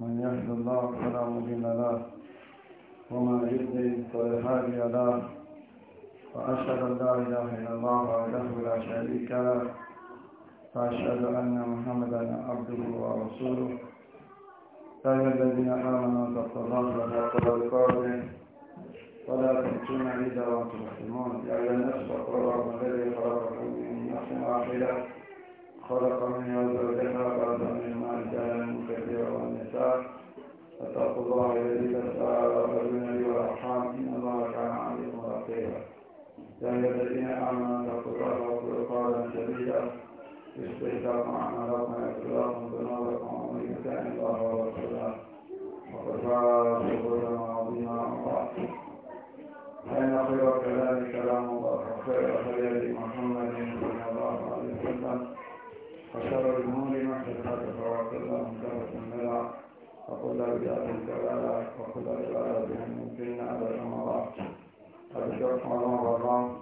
من يهد الله فلا مضل له وما يهدي فلا هادي له وأشهد أن لا إله إلا الله وحده لا شريك له فاشهد أن محمدا عبده ورسوله يا أيها الذين آمنوا اتقوا الله حق تقاته ولا تموتن إلا وأنتم مسلمون يا أيها الناس اتقوا ربكم الذي خلقكم من نفس واحدة خلق منها زوجها بعد من رجالا كثير والنساء فاتقوا الله الذي تساءلون بالنبي والارحام ان الله كان عليكم رقيبا يا ايها الذين امنوا اتقوا الله وقولوا قولا سديدا يصلح لكم اعمالكم ويغفر لكم ذنوبكم ومن الله ورسوله وقد فاز فوزا عظيما الله فان خير كلام كلام الله وخير خير محمد صلى الله عليه وسلم وشر الأمور محدثاتها وكل محدثة بدعة وكل بدعة ضلالة وكل ضلالة في النار رحم الله أبشركم الله والله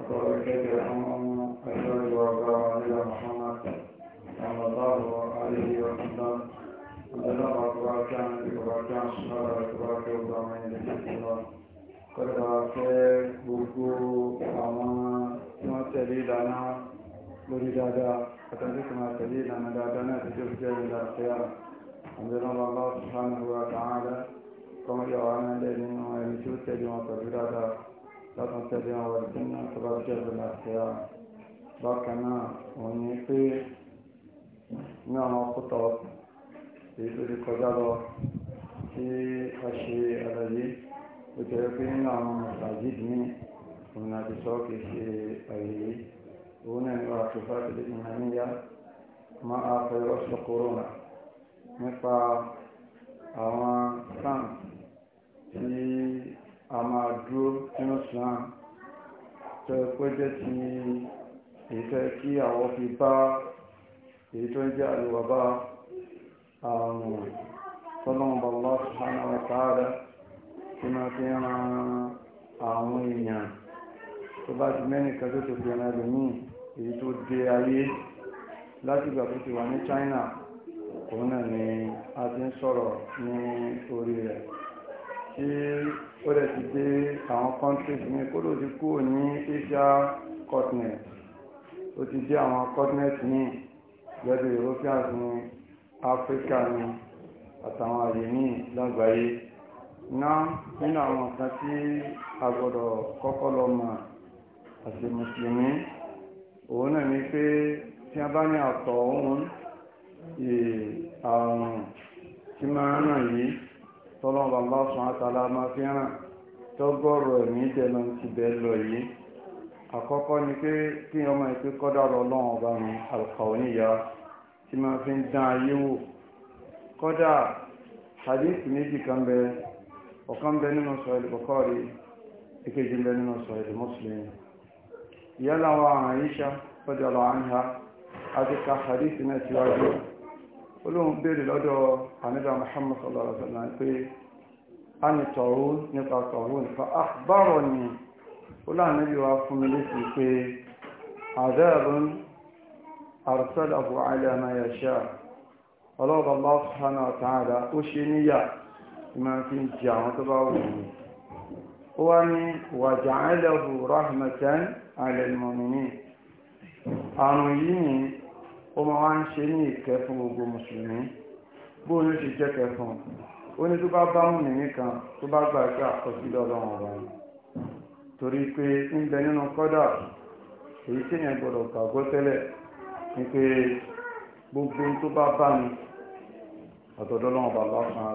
وكل كيف يرحمهم أشهد وأبرأ إلى محمد صلى الله عليه وسلم الله أكبر كان أكبر كان صلى أكبر كبر من الله كل خير بكو أمان ما تريد أنا لوري دادا وتهديكما سبيلا مدادنا تجوز جاي إلى الخيار أنزل الله سبحانه وتعالى كما يوانا لدينا ويجوز تجمع تبرادا لا تنتبه والجنة تبرجع إلى الخيار بكنا ونيقي نعم الخطط يجوز قدره في الشيء الذي وتيقين نعم مساجد من ونادي صوتي في أيه هنا العاطفات الإيمانية مع فيروس الكورونا na àwọn sam a máa dúró nínú islam tó ti ìfẹ́ kí àwọn fi bá èyí tó ń jẹ́ àlùwàbá àrùn tọ́lọ́mọba Allah subhanahu wa èyí tó dé ayé láti ìgbà tó ti wà ní China òun náà ni a ti ń sọ̀rọ̀ ní orí rẹ̀ tí ó rẹ̀ ti dé àwọn countries ní kódò ti kúrò ní Asia continent ó ti dé àwọn continent ní gẹ́gẹ́ Europeans ní Africa ní àtàwọn àyè ní lágbàáyé náà nínú àwọn nǹkan tí a gbọ́dọ̀ kọ́kọ́ lọ mọ̀ àti mùsùlùmí òun náà ni pé tí a bá ní ọ̀tọ̀ òun àrùn tí máa ń ràn yìí tọ́lọ́n bàbá sùn àtàlà máa fi hàn tọ́gọ́rọ̀ ẹ̀mí ìdẹ̀nà ti bẹ̀ lọ yìí àkọ́kọ́ ni pé kí ọmọ ìpín kọ́dà lọ lọ́wọ́n ọba mi al-kawniyya tí máa fi ń dán ayé wò kọ́dà hadith méjì kan bẹ ọ̀kan bẹ nínú Sahih Bukhari èkejì bẹ nínú Sahih Muslim ìyálà wa àìṣà fọ́jọ́lọ̀ àníhà àdíkà hadith náà ti wájú olóhun béèrè lọ́dọ̀ àníbà Muhammad sallallahu alaihi wasallam pé a ní tọ̀rún nípa tọ̀rún nípa àbárọ̀ ni ó láàrín wa fún mi létí pé àdẹ́rùn arsalahu ala ma yasha ọlọ́ọ̀bà Allah subhanahu wa ta'ala ó ṣe níyà ìmọ̀ fi ń jẹ àwọn tó bá wù ú wọ́n ní wàjàálẹ̀hù rahmatan alẹ́lmọ̀mìnì àrùn yìí ni ó ma wá ń ṣe ní ìkẹ́ fún gbogbo mùsùlùmí bóò ní ṣe jẹ́ kẹfún ó ní tó bá kan tó bá èyí tí ni gbogbo tó bá mi bàbá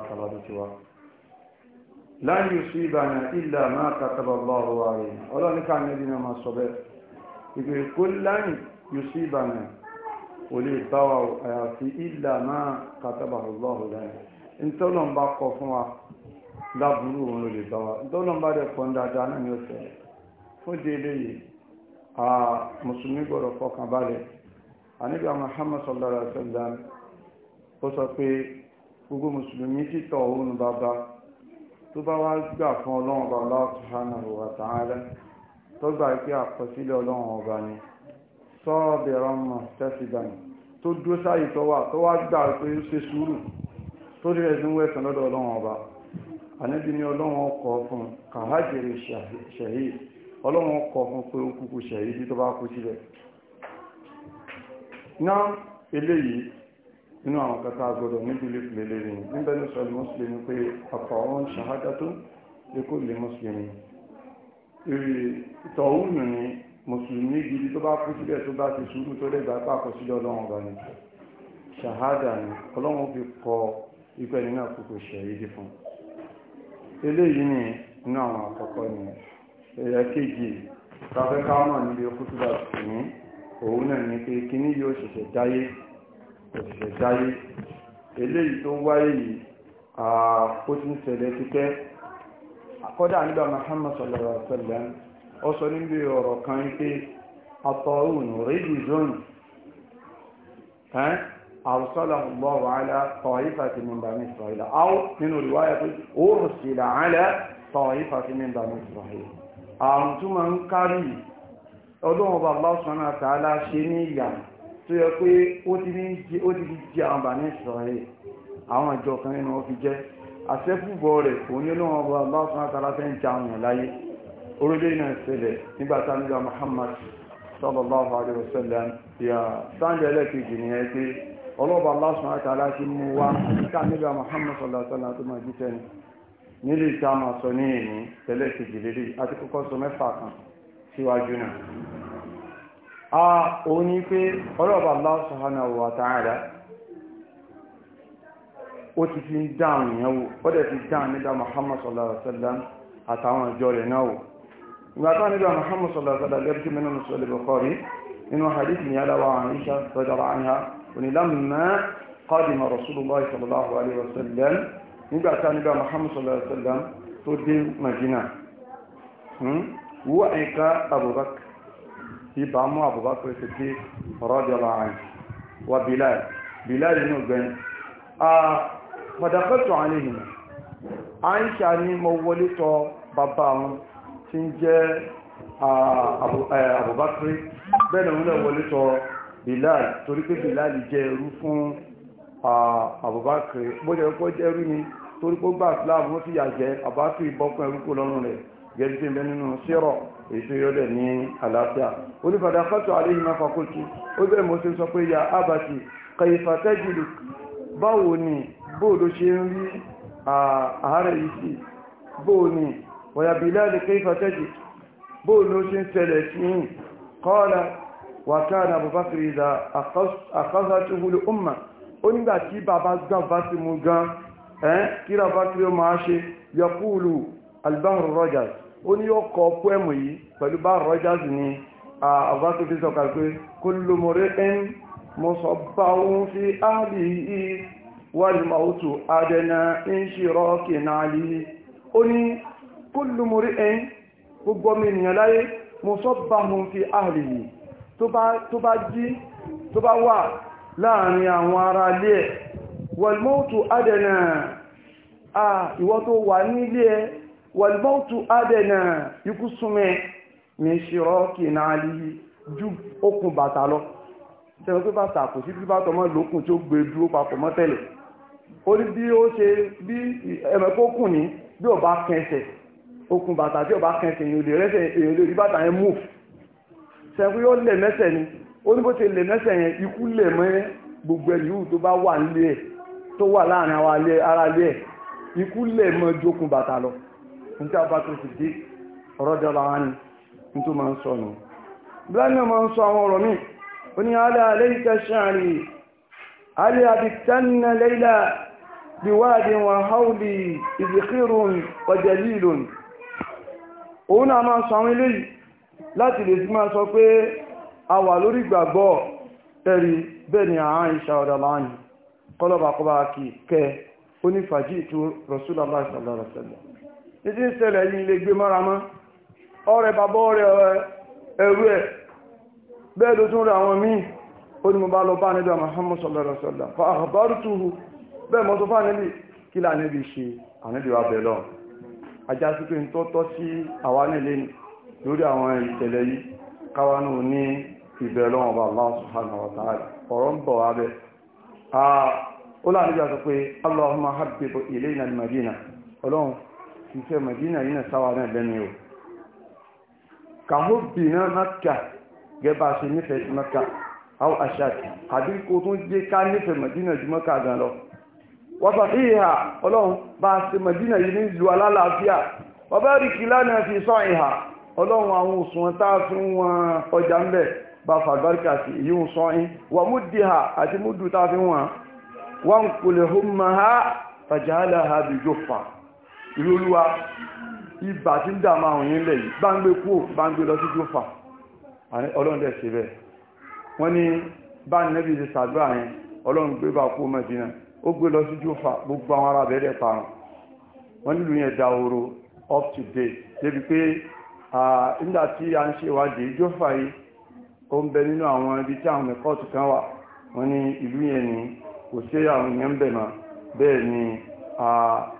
lan yusibana illa ma kataballahu alayna ọlọ́run ní káàmì ẹbí náà máa sọ bẹ́ẹ̀ ìgbè lan yusibana kò lè bá wa a mùsùlùmí gbọ́dọ̀ fọkàn balẹ̀ àníbi àwọn Muhammad sallallahu tó bá wá gbà fún ọlọ́run ọba Allah subhanahu wa ta'ala tó gbà pé àkọsílẹ̀ ọlọ́run ọba ni sọ́ọ̀bẹ̀rọ̀ mọ̀ tẹ́sídàní tó dúró sáyé tó wà tó wá gbà pé ó ṣe sùúrù tó rí ẹ̀sìn wẹ̀sán lọ́dọ̀ ọlọ́run ọba àníbi ni ọlọ́run ọkọ̀ fún kàhájèrè ṣẹ̀yí ọlọ́run ọkọ̀ fún pé ó kúkú ṣẹ̀yí tó bá kú sílẹ̀ náà eléyìí nínú àwọn kẹta agbọ́dọ̀ níbi lífìlẹ̀ lérí níbẹ̀ ní sọ́lù mùsùlùmí pé àfàwọn ṣàhádátó lékò lè mùsùlùmí ìrì ìtọ̀húnù ni mùsùlùmí gidi tó bá kú síbẹ̀ tó bá ti sùúrù tó lẹ́gbàá pàkọ́ sílẹ̀ ọlọ́run ọba ni ṣàhádà ni ọlọ́run fi kọ ikú ẹni náà kókò ṣẹ̀yídì fún eléyìí ni inú àwọn àkọ́kọ́ ni ẹ̀yà kejì tàbí ká mọ̀ níbi okútùbà tòní òun náà ni pé kíní yóò ṣẹ̀ṣẹ̀ dáyé òṣìṣẹ́ sáyé eléyìí tó ń wáyé yìí ó ti ń ṣẹlẹ̀ títẹ́ àkọ́dà nígbà Muhammad sallallahu alaihi wasallam ó sọ níbi ọ̀rọ̀ kan pé atọ́rùn rédí zone أرسله الله على طائفة من بني إسرائيل أو من رواية أرسل على طائفة من بني إسرائيل أنتم أنكري أدوه الله سبحانه وتعالى شنيا tó yẹ pé ó ti fi jẹ àwọn bà ní ìsọ̀rẹ̀ àwọn ìjọ kan nínú ó fi jẹ́ àṣẹ́fúbọ̀ rẹ̀ òun ní olóhùn ọba lásán àtàrà fẹ́ ń jẹun yàn láyé orílẹ̀ náà ṣẹlẹ̀ nígbàtà nígbà Muhammad sallallahu alaihi wasallam ya sáńdẹ̀ ẹlẹ́kejì ni ẹ pé ọlọ́ba lásán àtàrà ti mú wá nígbà Muhammad sallallahu alaihi wasallam tó máa jí tẹ́ni nílé ìta máa sọ ní èyí tẹ́lẹ̀ kejì lélẹ̀ àti kọ́kọ́ a ò ní pé ọlọ́ọ̀bà Allah subhanahu wa ta'ala ó ti fi ń dáhùn ìyẹn wò ó dẹ̀ fi dáhùn nígbà Muhammad sallallahu alaihi wasallam àtàwọn ìjọ rẹ̀ náà wò ìgbà tó nígbà Muhammad sallallahu alaihi wasallam gẹ́gẹ́ bí mẹ́nu sọ̀rọ̀ Bukhari nínú hadith ni aláwa Aisha radhiyallahu anha onílàmùmá qadima Rasulullah sallallahu alaihi wasallam nígbà tá nígbà Muhammad sallallahu alaihi wasallam tó dé Madina wọ́n ẹ̀ka Abubakar ìbámu Abubakar Siddiq radiyallahu anhu wa Bilal Bilal inú gbẹ̀yìn fàdàkọ́tọ̀ àníhìn àìṣà ní mọ wọlé tọ bàbá wọn tí ń jẹ́ Abubakar bẹ́ẹ̀nà wọlé wọlé tọ Bilal torí pé Bilal jẹ́ ẹrú fún Abubakar bójẹ̀kọ́ jẹ́ ẹrú ni torí pé gbà láàbùn sí yàjẹ́ Abubakar ìbọ́kùn ẹrú kò lọ́rùn rẹ̀ gẹ́gẹ́ èṣù yóò dẹ̀ ní àlàáfíà onífàdà fọ́tò àríyìnmá fakulti ó bẹ̀rẹ̀ mo ti sọ pé ya abati kàyífà tẹ́jìlì báwo ni bóòdó ṣe ń rí ààrẹ yìí sí bóò ni wàyà Bilal kàyífà tẹ́jì bóòdó ṣe ń tẹ̀lẹ̀ sí yìn kọ́ọ̀lá wà káàdà Abubakar ìdá àkásàtúhulù ó ṣe yakulu albahru rojas ó ní yóò kọ pẹ́ẹ̀mù yìí pẹ̀lú bá Rogers ní àbáṣe fi sọ̀kà pé kó ló mọ̀rẹ́ ẹn mọ̀ sọ bá òun fi áàlì yìí wà ní màútù àdẹ̀nà ń ṣe rọ́ọ̀kì náà yìí ó ní kó ló mọ̀rẹ́ ẹn gbogbo mi nìyàn láyé mọ̀ sọ bá òun fi áàlì yìí tó bá jí tó bá wà láàrin àwọn ará ilé ẹ̀ wọ̀lmọ́tù àdẹ̀nà ìwọ tó wà nílé ẹ̀ wàlbọ́ọ̀tù adẹ̀nà ikú súnmẹ́ mi ṣírọ́ kì náà lè ju okùn bàtà lọ tẹ́lẹ̀ pé bàtà kò sí bíbá tọmọ lókùn tí ó gbé dúró papọ̀ mọ́ tẹ́lẹ̀ ó ní bí ó ṣe bí ẹ̀mẹ́kókùn ní bí ó bá kẹsẹ̀ okùn bàtà tí ó bá kẹsẹ̀ èèyàn lè rẹ́sẹ̀ èèyàn lè rí bàtà yẹn mú sẹ́kú yóò lè mẹ́sẹ̀ ni ó ní bó ṣe lè mẹ́sẹ̀ yẹn ikú lè mọ́ gbogbo ẹ̀yìn tó bá wà nílé ẹ̀ tó wà láàrin ara ilé ẹ̀ ikú lè mọ́ jókun bàtà lọ níta abakar siddiq radiyallahu anhu nítorí máa ń sọ nù ibrahim máa ń sọ àwọn ọ̀rọ̀ míì ó ní alẹ́ alẹ́ ìta ṣáàrì alẹ́ àbìtánná lẹ́yìnlá biwadi wa hauli ìdíkírun ọjẹ́lílùn òun náà máa sọ àwọn eléyìí láti lè sí máa sọ pé a wà lórí ìgbàgbọ́ ẹ̀rí bẹ́ẹ̀ ni àán ìṣà ọ̀dà láàyìn kọ́lọ̀bà kẹ́ onífàjì ìtú rọ̀súlọ́lá ìsàlọ́rọ̀sẹ̀lẹ̀ títí ń ṣẹlẹ̀ yìí lè gbé mọ́ra mọ́ ọ̀rẹ́ bàbá ọ̀rẹ́ eh, ẹ̀rú ẹ̀ bẹ́ẹ̀ ló tún rẹ̀ àwọn míì ó ní mo bá lọ bá fa akhbartuhu pé Allah iṣẹ́ Madina yìí náà sáwà náà lẹ́nu o kàhó bì náà Mẹ́kà gẹ́bà ṣe nífẹ̀ẹ́ sí Mẹ́kà àwọn aṣáàtì àbí kó tún jẹ́ ká nífẹ̀ẹ́ Madina ju Mẹ́kà gan lọ wọ́n sọ fún ìhà ọlọ́run bá ṣe Madina yìí ní ìlú alálàáfíà ọba rìkì lánàá fi sọ ìhà ọlọ́run àwọn òṣùwọ̀n tá a fún wọn ọjà ń bẹ̀ bá fàgbáríkà sí èyí ń sọ yín wà mú di ha àti mú dù tá a fi wọn wọn kò lè hó máa ha fàjálà ha bìjọ fà ìlú olúwa ibà tí ń dàmà òyìn ilẹ̀ yìí bá ń gbé kú bá ń gbé lọ sí jófà ọlọ́run dẹ̀ ṣe bẹ́ẹ̀ wọ́n ní bá nẹ́bí ti sàdúrà yẹn ọlọ́run gbé bá kú mẹ́dínà ó gbé lọ sí jófà gbogbo àwọn ará bẹ́ẹ̀ parun wọ́n nílùú yẹn da oró up to date débi pé nígbà tí a ń ṣe ìwádìí jófà yìí ó ń bẹ nínú àwọn ibi tí àwọn ẹ̀kọ́ọ̀tù kan wà wọ́n ní ìlú yẹn ni kò sí àwọn èèyàn ń bẹ̀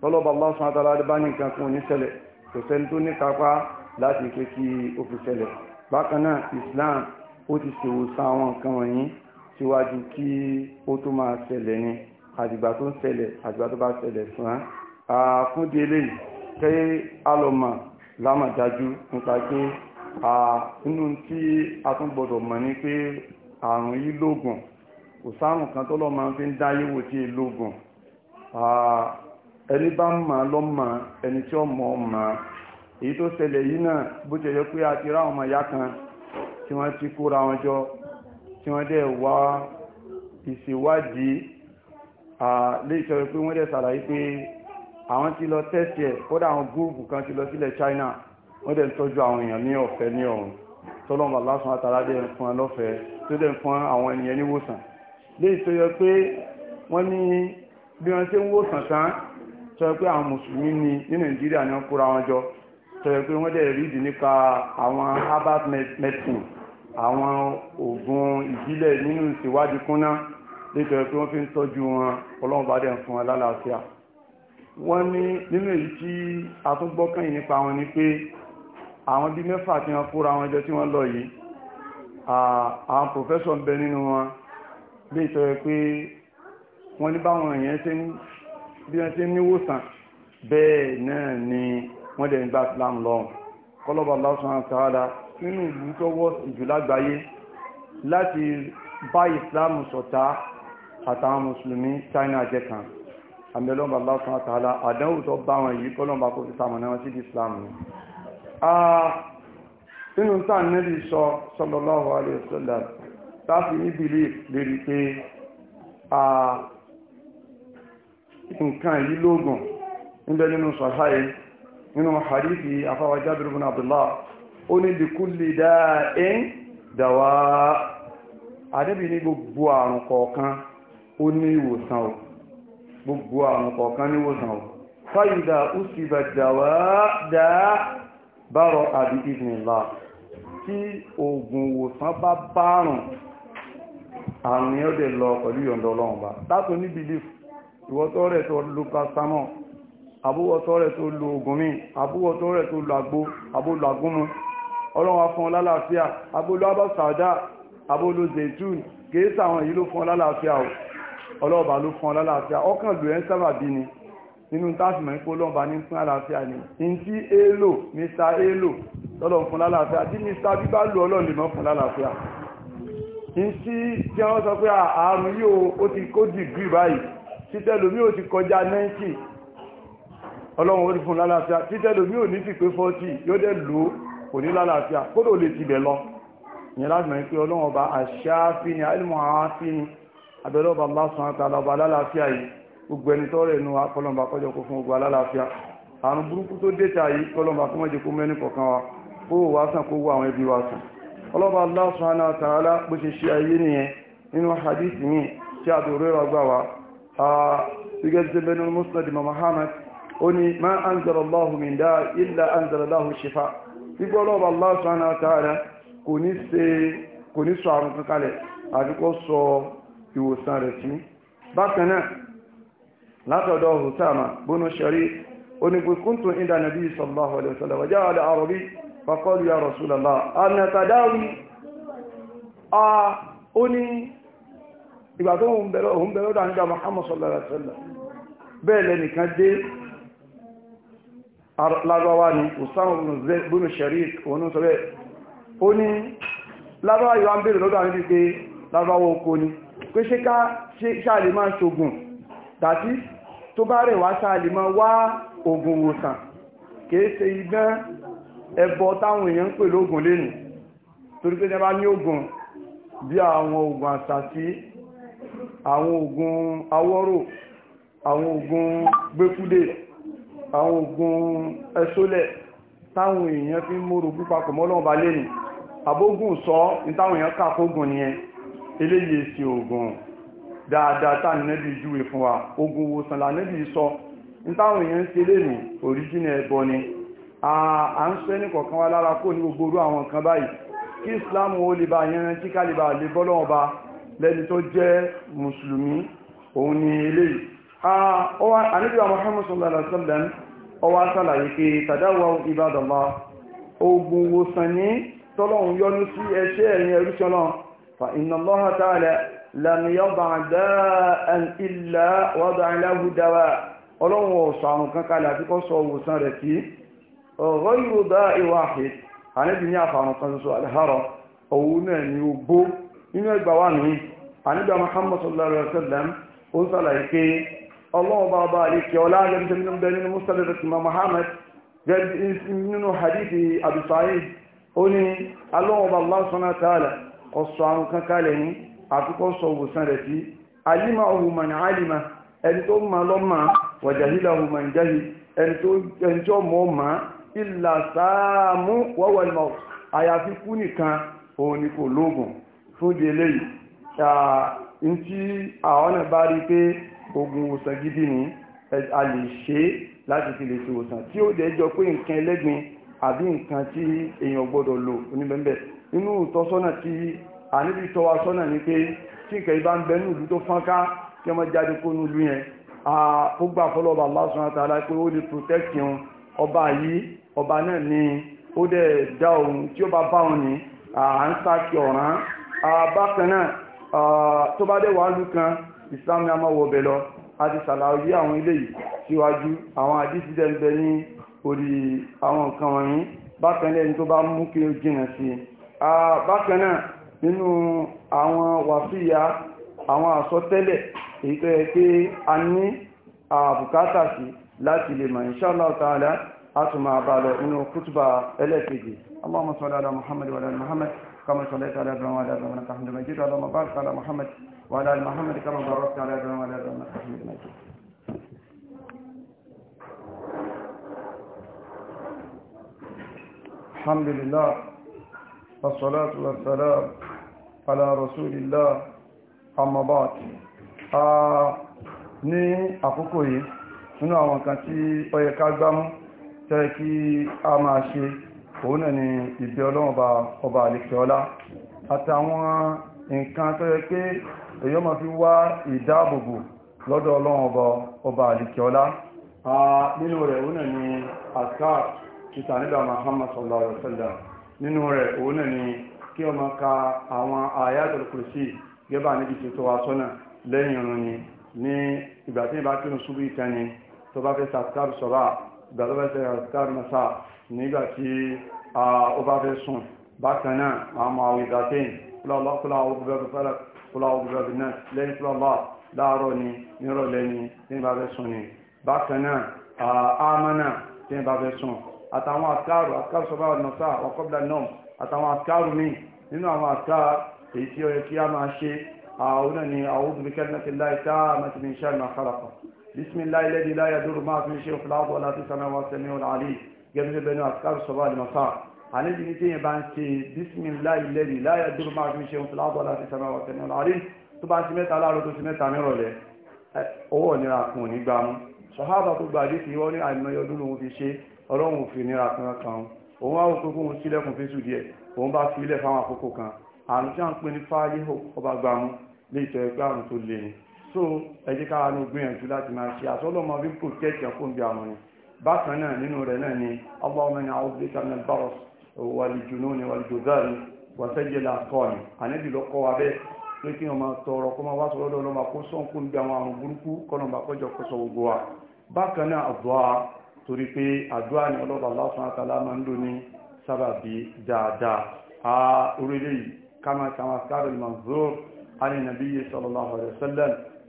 tọ́lọ́bà bá sún àtàlà bá ní nǹkan kún ní ṣẹlẹ̀ kò sẹ́ni tó ní kápá láti pé kí ó fi ṣẹlẹ̀ bákan Islam ó ti ṣèwòsàn àwọn nǹkan wọ̀nyí síwájú kí ó tó máa ṣẹlẹ̀ ni àdìgbà tó ń ṣẹlẹ̀ àdìgbà tó bá ṣẹlẹ̀ fún án fún di kẹ́ alọ́mà lámàdájú nípa pé nínú tí a tún gbọ́dọ̀ mọ̀ ni pé àrùn yìí lóògùn kò sáàrùn kan tọ́lọ́ máa fi ń dáyéwò tí èlóògùn ẹni bá ń ma lọ́mọ ẹni tí ó mọ̀ ọmọ èyí tó ṣẹlẹ̀ yìí náà bó ṣe yẹ pé a ti rá ọmọ ìyá kan tí wọ́n ti kóra wọn jọ tí wọ́n dẹ̀ wá ìṣèwádìí léṣọ́ pé wọ́n dẹ̀ ṣàlàyé pé àwọn ti lọ tẹ́sì ẹ̀ kódà àwọn gúrùpù kan ti lọ sílẹ̀ China wọ́n dẹ̀ ń tọ́jú àwọn èèyàn ní ọ̀fẹ́ ní ọ̀run tọ́lọ́mọ lásán àtàrà dẹ̀ ń fún ẹ lọ́fẹ̀ẹ́ tó dẹ̀ fún àwọn ènìyàn níwòsàn léṣọ́ yẹ pé wọ́n ní bí wọ́n ṣe ń wòsàn tán tó yẹ pé àwọn mùsùlùmí ni ní nàìjíríà ni wọ́n kóra wọn jọ tó yẹ pé wọ́n dẹ̀ rí ìdí nípa àwọn herbal medicine àwọn oògùn ìbílẹ̀ nínú ìṣèwádìí kúnná nítorí pé wọ́n fi ń tọ́jú wọn ọlọ́run bá dẹ̀ ń fún wọn lálàáfíà wọ́n ní nínú èyí tí a tún gbọ́kànyìn nípa wọn ni pé àwọn bí mẹ́fà tí wọ́n kóra wọn jọ tí wọ́n lọ yìí àwọn pòfẹ́sọ̀ ń bẹ nínú wọn bí ìtọ́rẹ pé wọ́n ní báwọn èèyàn ṣe ń bí wọ́n ti ní wòsàn bẹ́ẹ̀ náà ni wọ́n dẹ̀ ń gba Islam lọ kọ́lọ́bà lásán àtàrà nínú ìlú tó wọ́ ìjù lágbàáyé láti bá Islam ṣọ̀tá àtàwọn mùsùlùmí China jẹ́ kan àmìlọ́bà lásán àtàrà àdánwò tó bá wọn yìí kọ́lọ́bà kò fi sàmọ̀nà wọn sí Islam ni nínú táà níbi sọ sallallahu alaihi wasallam táà fi ní belief lérí pé nǹkan yìí lóògùn níbẹ̀ nínú sọ̀háyé nínú hadithi afáwà jábìrì bin abdullah ó ní likulli da'in dawa adébì ní gbogbo àrùn kọ̀ọ̀kan ó ní ìwòsàn o gbogbo àrùn kọ̀ọ̀kan ní ìwòsàn o fáyìdà ó sì bẹ̀ dawa dá bárọ̀ àbí ìdìnlá tí oògùn ìwòsàn bá bárùn àrùn yóò dẹ̀ lọ pẹ̀lú yọ̀ndọ̀ ọlọ́run bá látò ní belief ìwọ́tọ́ rẹ̀ tó lu pastamọ́ àbúwọ́tọ́ rẹ̀ tó lu oògùn mi àbúwọ́tọ́ rẹ̀ tó lu àgbo àbúlù àgúnmu ọlọ́run afọ́n lálàáfíà àbúlù abásàdá àbúlù zaitun kèésà àwọn èyí ló fọ́n lálàáfíà o ọlọ́ọ̀bà ló fọ́n lálàáfíà ọkàn lù ẹ́ ń sábà bí ni nínú táàfìmọ̀ ń pọ́ lọ́ọ̀bà ní fún àlàáfíà ni ìntí èèlò mr èèlò lọ́lọ́ fún lálàáfíà tí mr bíbá lù ọlọ́ọ̀ lè mọ́ fún lálàáfíà ìntí tí wọ́n sọ pé ààrùn yìí ó ti kó dìgírì báyìí títẹ́lómi ò ti kọjá 90 ọlọ́run ó ti fún lálàáfíà títẹ́lómi ò ní ti pé 40 yóò dẹ̀ lò kò ní lálàáfíà kódò lè ti bẹ̀ lọ ìyẹn láti mọ̀ pé ọlọ́run ọba àṣááfí ni alìmọ̀ àáfí ni abẹ́rẹ́ ọba lásán àtàlọ́ba lálàáfíà yìí gbogbo ẹni tọ́rẹ̀ inú akọlọ́mbà kọjọ kó fún gbogbo alálàáfíà àrùn burúkú tó dẹ́ta yìí kọlọ́mbà kó mọ́jẹ kó mẹ́ni kọ̀kan wa kó wá sàn kó wá àwọn ẹbí wa sàn ọlọ́ba lásán àtàlá bó ṣe ṣe ayé nìyẹn nínú hadith mi tí a dòrò ẹ̀rọ gbà wá gẹ́gẹ́ tí bẹnu muslim muhammad ó ní ma anzala Allahu min da illa anzala Allahu shifa gbígbọ́ lọ́wọ́ Allah subhanahu wa ta'ala kò ní sọ àrùn kankalẹ̀ àdúkọ́ sọ ìwòsàn rẹ̀ sí bákan náà látọ̀dọ̀ hùsáàmà bónú ṣẹ̀rí onígbèkúntù ìdá nàbí sallallahu alaihi wasallam wàjá àdá àrọ̀bí faqalu ya rasulallah anàtàdáwì a ìgbà tó ń bẹ̀rẹ̀ òun bẹ̀rẹ̀ ọ̀dọ̀ àníjà Muhammad sallallahu alaihi wasallam bẹ́ẹ̀ lẹ́nìkan dé lágbàwá ni Usama ibn Sharik òun sọ bẹ́ẹ̀ ó ní lágbàwá yóò ń bèèrè lọ́dọ̀ àníjà pé lágbàwá oko ni pé ṣe ká ṣáàlì máa ṣogun dàtí tó bá rẹ̀ wá ṣáàlì máa wá ogun wòsàn kìí ṣe idán ẹbọ táwọn èèyàn ń pè lóògùn lénìí torí pé ní a bá ní oògùn bí àwọn oògùn àṣà sí àwọn oògùn awọ́rò àwọn oògùn gbékúdé àwọn oògùn ẹsólẹ̀ táwọn èèyàn fi múrù púpapọ̀ mọ́lọ́ọ̀bá lẹ́nu àbógùn sọ ní táwọn èèyàn kàkógùn nìyẹn eléyìí sí oògùn dáadáa tá nẹ́bí júwe fún wa oògùn wòsàn là nẹ́bí sọ ní táwọn èèyàn ń ṣe lẹ́nu oríjìnà ẹbọ ni a ń sọ ẹni kọ̀ọ̀kan wa lára kó ní gbogbo orú àwọn kan báyìí kí Islam ó lè bá yẹn rántí kálíbà lè bọ́lọ́ọ̀ba lẹ́ni tó jẹ́ mùsùlùmí òun ni eléyìí àníbíwà Muhammad sallallahu alaihi wasallam ọwá sàlàyé pé tàdáwà ìbádọ̀lá ogun wòsàn ní tọ́lọ́hun yọ́nú sí ẹṣẹ́ ẹ̀yìn ẹrúṣọ́lọ́ fa inna Allaha ta'ala lam yada' da'an illa wada'a lahu dawa' ọlọ́run ọ̀sọ̀ àrùn kankan àti kọ́ sọ òwòsàn rẹ̀ sí ghayru da'in wahid àníbí ní ni ó gbó nínú ẹgbà wà ní ànígbà Muhammad sallallahu alaihi wasallam ó sàlàyé pé ọlọ́ọ̀bá ọba àríkẹ́ ọlágẹ́gẹ́ nínú mustapha ti Muhammad nínú hadithi Abu Sa'id ó ní alọ́ọ̀bá Allah subhanahu wa ta'ala ọ̀sọ̀ àrùn kankalẹ̀ ní àtúkọ́ sọ òwòsàn rẹ̀ sí alima ọhùn mọ̀ ní alima ẹni tó ma lọ́mà wàjàhílà ọhùn mọ̀ ní jahil ẹni tó mọ́ ma ìlà sáàmú wọ́wọ́ ìmọ̀ àyàfi nìkan òun ni kò lóògùn fún délé yìí tí àwọn náà bá rí pé ogun òsàn gidi ni a lè ṣe láti fi lè ṣe òsàn tí ó dẹ̀ jọ pé nǹkan ẹlẹ́gbin àbí nǹkan tí èèyàn gbọ́dọ̀ lò oníbẹ̀mbẹ̀ nínú ìtọ́sọ́nà tí àníbi tọ́wa sọ́nà ni pé tí nǹkan ibá ń bẹnú ìlú tó fọ́nká kí wọ́n jáde kó nú yẹn ó gbà fọ́lọ́ọ̀bà Allah subhanahu pé ó lè protect ọba yìí ọba náà ni ó dẹ̀ dá ohun tí ó bá bá òun ní à ń sáàkì ọ̀ràn Ah, bákanáà ah, tó bá dẹ̀ wàálù kan islam ní a máa wọ̀bẹ̀ lọ àti sàlàyé àwọn ilé yìí síwájú àwọn àdísí dẹ̀ ń bẹ ní orí àwọn nǹkan wọ̀nyí bákanáà ẹni tó bá mú kí ó jìnà sí ah, bákanáà nínú àwọn wàsíyà àwọn àsọtẹ́lẹ̀ èyí tó yẹ pé a ní àbùkátà sí láti lè mọ̀ inshallah ta'ala a tún máa bá lọ nínú kútùbà ẹlẹ́kejì Allahumma salli ala Muhammad wa ala Muhammad كما صليت على ابراهيم وعلى ابراهيم انك حميد مجيد اللهم بارك على محمد وعلى ال محمد كما باركت على ابراهيم وعلى ابراهيم انك حميد مجيد الحمد لله والصلاة والسلام على رسول الله أما بعد ní àkókò yìí nínú àwọn kan tí ó yẹ ká gbámú tẹ́ kí a máa ṣe òun náà ni ìbí ọlọ́run ọba àlèkẹ́ọ́lá àtàwọn nǹkan tó yẹ pé èyàn máa fi wá ìdáàbòbò lọ́dọ̀ ọlọ́run ọba àlèkẹ́ọ́lá nínú rẹ̀ òun náà ni àṣà ìtàníbà Muhammad sallallahu alaihi wasallam nínú rẹ̀ òun náà ni kí ọmọ ka àwọn ayatul kursi gẹ́bà níbi ṣètò wa sọ́nà lẹ́yìn ìrun ni ní ìgbà tí ìbá kírun ṣubú ìtẹni tó bá fẹ́ sàtàrù sọ́rọ̀ gbàlọ́bẹ̀sẹ̀ àtàrí masá nígbàtí ó bá fẹ́ sùn bákan náà máa máa wí ìdàtẹ́yìn fúláwọ́ gbogbo náà lẹ́yìn fúláwọ́ láàárọ̀ ni nírọ̀lẹ́ ni tí ń bá fẹ́ sùn ni bákan náà àmánà tí ń bá fẹ́ sùn àtàwọn àkàrù àkàrù sọ́bà nọ́sà ọkọ̀bìlà náà àtàwọn àkàrù míì a máa ṣe àwọn náà بسم الله الذي لا يدور ما في شيء في الارض ولا في السماوات السميع العليم جميل بين اذكار الصباح المساء على دي نتي بان بسم الله الذي لا يدور ما في شيء في الارض ولا في السماوات السميع العليم tó bá sí mẹ́ta láàrọ̀ tó sí mẹ́ta mẹ́rọ̀lẹ́ owó ìnira kùn ní gbámú ṣọ̀hábà tó gbà dé sí wọ́n ní àìmọye ọdún lòun fi ṣe ọlọ́run fi nira kan kan òun wá òkókó òun sílẹ̀kùn fésù díẹ̀ òun bá fi ilẹ̀ fáwọn àkókò kan àrùn tí a ń pè ní fáyé ọba gbámú lè tọ́ ẹgbẹ́ àrùn tó le ni so ẹjẹ́ káwa ní gbìyànjú láti máa ṣe àsọ́lọ́mọ bí protect ọkùnrin bí àwọn ni bákan náà nínú rẹ̀ náà ni Allahumma ni àwọn obìnrin kan báwọ̀ wàlìjùnú ni wàlìjùdáàrí wàsẹ́jẹ̀lá kọ́ni àníbì ló kọ́ wa bẹ́ẹ̀ pé kí wọ́n máa tọrọ kó máa wá sọ lọ́dọ̀ ọlọ́mà kó sọ́nkún bí àwọn àrùn burúkú kọ́nàmbà kọjọ kọsọ gbogbo wa bákan náà àdúrà torí pé àdúrà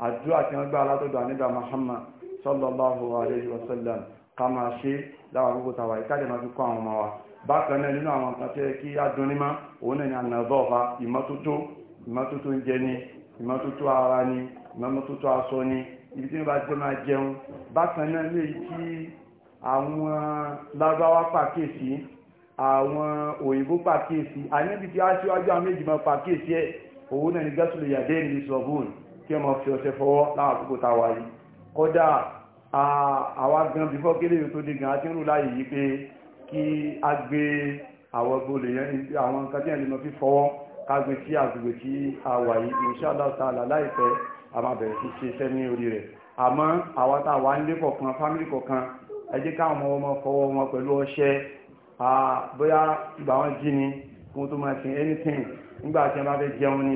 àdúrà tí wọ́n gbá alátọ́dọ̀ àníbà Muhammad sallallahu alayhi wa sallam ká máa ṣe láwọn gbogbo tàwà ìtàdé máa fi kọ́ àwọn ọmọ wa bákan náà nínú àwọn kan tẹ́ kí adúnímá òun náà ni ànàbọ́ọ̀fà ìmọ́tótó ìmọ́tótó ń jẹ ni ìmọ́tótó ara ni ìmọ́tótó aṣọ ni ibi tí wọ́n bá jẹ́ máa jẹun bákan náà lè kí àwọn lágbáwá pàkíyèsí àwọn òyìnbó pàkíyèsí àníbi tí aṣíwájú àwọn méjì máa pàkíyèsí ẹ̀ òun náà ni gẹ́sùlù yàdé ní sọ̀bùn kí ọmọ fi ọṣẹ fọwọ́ láàkókò tàwà yìí kọjá àwa gan bífọ́ kí léyìn tó dé gan àti ń rú láyé yìí pé kí a gbé àwọn gbólè yẹn àwọn nǹkan tí ẹ̀lẹ́mọ̀ fi fọwọ́ kágbé sí a wà yìí inshallah ta'ala a máa bẹ̀rẹ̀ sí ṣe iṣẹ́ ní orí rẹ̀ àmọ́ àwa tá a wà nílé kọ̀ọ̀kan fámílì kọ̀ọ̀kan ẹ jẹ́ káwọn ọmọ fọwọ́ wọn pẹ̀lú ọṣẹ bóyá ìgbà wọn jí ni kó tó máa ṣe anything nígbà tí wọn fẹ́ jẹun ni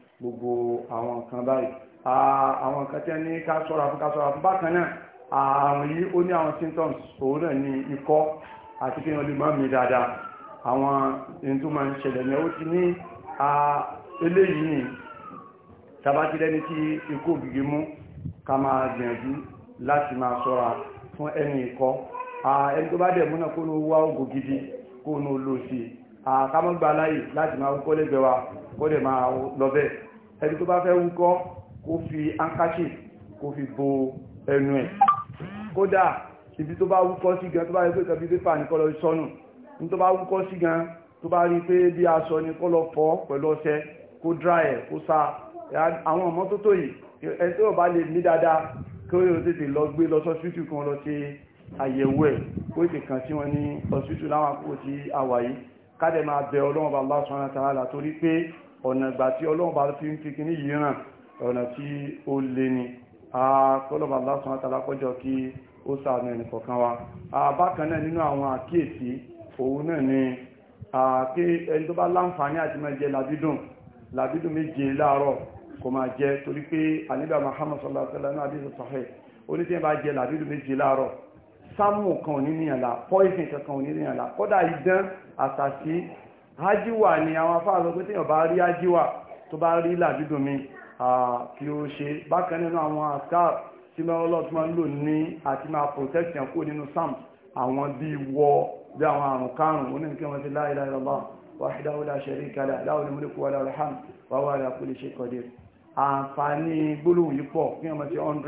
gbogbo àwọn nǹkan báyìí àwọn nǹkan tẹ́ ní ká ṣọ́ra fún ká ṣọ́ra fún bákan náà àrùn yìí ó ní àwọn symptoms òun náà ní ikọ́ àti kí wọ́n lè máa mi dáadáa àwọn ẹni tó máa ń ṣẹlẹ̀ ní ó ti ní eléyìí ni tabatilẹ́ni tí ikú ògìgì mú ká máa gbìyànjú láti máa ṣọ́ra fún ẹni ikọ́ ẹni tó bá dẹ̀ múnà kó ní wá ògùn gidi kó ní lò sí àkámọ́gbà láyè láti máa kọ́lẹ̀gbẹ̀wà kó dẹ̀ máa lọ bẹ́ẹ̀ ẹni tó bá fẹ́ wúkọ́ kó fi ankachi kó fi bo ẹnu ẹ̀ kódà ibi tó bá wúkọ́ sí gan tó bá rí pé kẹbí pépà ní kọ́lọ sọ́nù ní tó bá wúkọ́ sí gan tó bá rí pé bí aṣọ ní kọ́lọ fọ́ pẹ̀lú ọṣẹ kó dra ẹ̀ kó sa àwọn ọmọ tó tó yìí ẹni tó bá lè ní dáadáa kí ó tètè lọ gbé lọ sọ́sítù kan lọ sí àyẹ̀wò ẹ̀ kó ètè kan sí wọn ní ọ̀sítù láwọn àkókò tí a wà yìí ká ọ̀nà ìgbà tí ọlọ́run bá fi ń fi kíní yìí ọ̀nà tí ó lé ni kọlọ́bà lásán àtàlákọ́jọ́ kí ó sàánú ẹnì kọ̀ọ̀kan wa bákan náà nínú àwọn àkíyèsí òun náà ni pé ẹni tó bá láǹfààní àti máa jẹ làbídùn làbídùn méje láàárọ̀ kò máa jẹ torí pé àníbà Muhammad sallallahu alaihi wasallam àdìsọ sahih onítìyẹn bá jẹ làbídùn méje láàárọ̀ sámù kan ò ní níyànlá poison kankan ò ní níyànlá kódà ájíwà ni àwọn afáàsọ pé tí ọba rí ájíwà tó bá rí làdúdùn mi kí ó ṣe bákan nínú àwọn àṣà tí mẹ́rọ lọ́tún máa ń lò ní àti máa protection kó nínú sam àwọn bí wọ bí àwọn àrùn karùn-ún oníkẹ́ wọn ti la ilaha illallah wahdahu la sharika lahu lahul mulku wa lahul hamd wa huwa ala àǹfààní gbólóhùn yìí pọ̀ kí ọmọ tí 100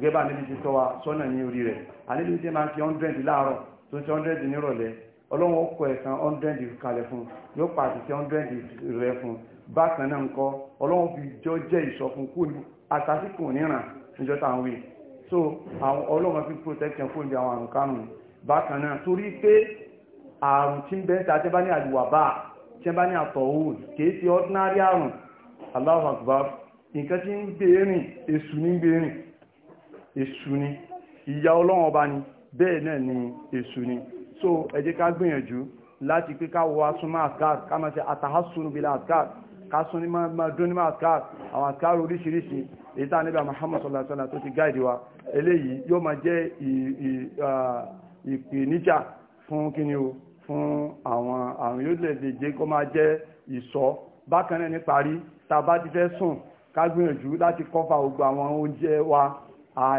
gẹ́bà níbi ti sọ wa sọ́nà ní orí rẹ̀ àníbi tí máa ń fi 100 láàárọ̀ tó ń fi nírọ̀lẹ́ ọlọ́run ó kọ ẹ̀sán hundred kalẹ̀ fún yóò pa àtìsí hundred rẹ fún bákan náà ń kọ́ ọlọ́run fi jọ jẹ́ ìṣọ̀kun kú àtàsíkò níran níjọ́ táwọn wí so àwọn ọlọ́run fi protection fún ibi àwọn àrùn kánù bákan náà torí pé àrùn tí ń bẹ́ ta tẹ́ bá ní àlùwàbá tẹ́ bá ní àtọ̀hún kìí ti ordinary àrùn Allahu Akbar nǹkan tí ń gbèrìn e èṣù ní gbèrìn e èṣù ni ìyà ọlọ́run ọba ni bẹ́ẹ̀ náà ni èṣù ni so ẹ jẹ́ ká gbìyànjú láti pé ká wọ asúnmọ́ àkàr ká máa ṣe àtàhásùn bílá àkàr ká sún ní máa dún ní máa àkàr àwọn àkàr oríṣiríṣi èyí tá níbi Muhammad sallallahu alaihi wasallam tó ti gáìdì wa eléyìí yóò máa jẹ́ ìpèníjà fún kíni o fún àwọn àrùn yóò lè lè jẹ́ kó máa jẹ́ ìṣọ́ bákan náà ní parí tá a bá ti fẹ́ sùn ká gbìyànjú láti kọ́fà gbogbo àwọn oúnjẹ wa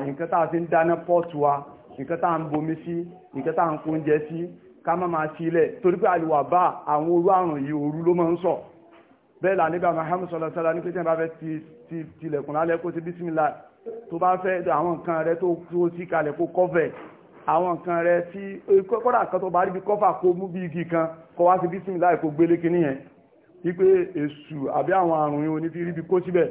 nǹkan tá a fi ń dáná pọ́ọ̀tù wa nǹkan tá à ń bomi sí nǹkan tá à ń kóúnjẹ sí ká má máa sí ilẹ̀ torí pé àlùwà bá àwọn orú àrùn yìí òru ló máa ń sọ bẹ́ẹ̀ là nígbà Muhammad sallallahu alaihi wasallam ní pété bá fẹ́ ti tilẹ̀kùn lálẹ́ kó ti bísímìlá tó bá fẹ́ àwọn nǹkan rẹ tó ti kalẹ̀ kó kọ́fẹ̀ àwọn nǹkan rẹ tí kọ́dà kan tó bá rí bí kọ́fà kó mú bí igi kan kọ́ wá sí bísímìlá kó gbélé kinní yẹn wípé èṣù àbí àwọn àrùn yìí onífi rí bí kó síbẹ̀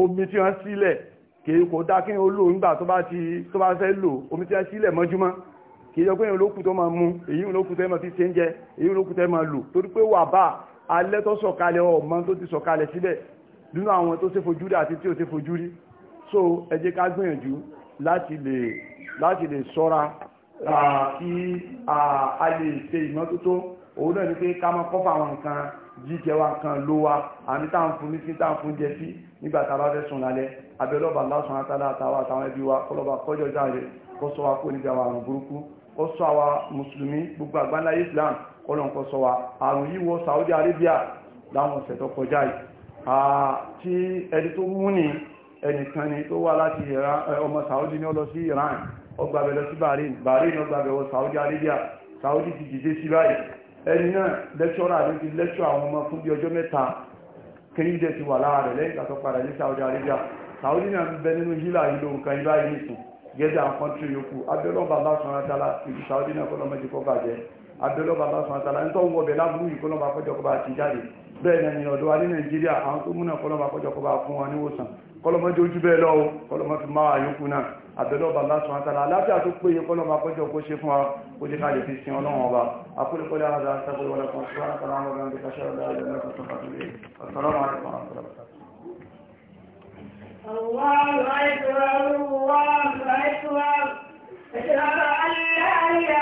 omi tí wọ́n sílẹ̀ kìí kò dá kí o lò nígbà tó bá ti tó bá fẹ́ lò omi tí a sílẹ̀ mọ́júmọ́ kìí yọ pé èyí olókù tó máa mú èyí olókù tẹ́ máa fi ṣe ń jẹ èyí olókù tẹ́ máa lò torí pé wà bá alẹ́ tó sọ̀kalẹ̀ ọmọ tó ti sọ̀kalẹ̀ síbẹ̀ nínú àwọn tó ṣe fojú rí àti tí ò ṣe fojú rí so ẹ jẹ́ ká gbìyànjú láti lè láti lè ṣọ́ra kí a lè ṣe ìmọ́tótó òun náà ni pé ká máa kọ́fà àwọn nǹkan jíjẹ wa nǹkan ló wa àmì táà ń fún ní sí táà ń fún jẹ sí nígbà tá a bá fẹ́ sùn lálẹ́ abẹ́lọ́ba lásán àtàlà àtàwọn àtàwọn ẹbí wa kọlọ́ba kọjọ jáde kó sọ wa kó níbi àwọn àrùn burúkú kó sọ àwa mùsùlùmí gbogbo àgbáńlá Islam kọlọ́n kó sọ wa àrùn yìí Saudi Arabia láwọn ọ̀sẹ̀ tó kọjá yìí tí ẹni tó mú ni ẹnìkan ni tó wá Saudi ní ó Iran ọgbàbẹ̀ lọ Bahrain Bahrain ọgbàbẹ̀ wọ Saudi Arabia Saudi ti dìde sí báyìí ẹni náà lẹ́kṣọ́rà ló kéyídé ti wà lára rẹ̀ lẹ́yìn ìgbàtọ̀ padà ní Saudi Arabia Saudi náà ń bẹ nínú yílà ìlò nǹkan ibá yìí sùn gẹ́gẹ́ àwọn kọ́ntì yòókù abẹ́lọ́ba bá sọ ọ́nàtàlá ìlú Saudi náà kọ́ lọ́mọdé kọ́ bàjẹ́ abẹ́lọ́ba bá sọ tala, ń tọ́ wọ bẹ̀ lábúrú yìí kọ́ lọ́mọ akọ́jọ́kọ́ bá ti jáde bẹ́ẹ̀ ni ọ̀dọ́ wa ní Nàìjíríà àwọn tó múnà kọ́ lọ́mọ akọ́jọ́kọ́ bá fún wọn níwòsàn kọlọmọdé ojú bẹ́ẹ̀ lọ́wọ́ kọlọmọ fi máa yókù náà àbẹ̀lọ́ba lásán àtàlà aláfíà tó péye kọlọmọ akọ́jọ́ kó ṣe fún wa ojú ká lè fi sin ọlọ́run ọba akólúkọlẹ́ àwọn àti àtàkùnrin wọn kan ṣọ́nà kan àwọn ọmọ ìgbà ṣọ́nà dáadáa lẹ́kọ̀ọ́ tó kàtó lé ọ̀sán الله أكبر الله أكبر أشهد أن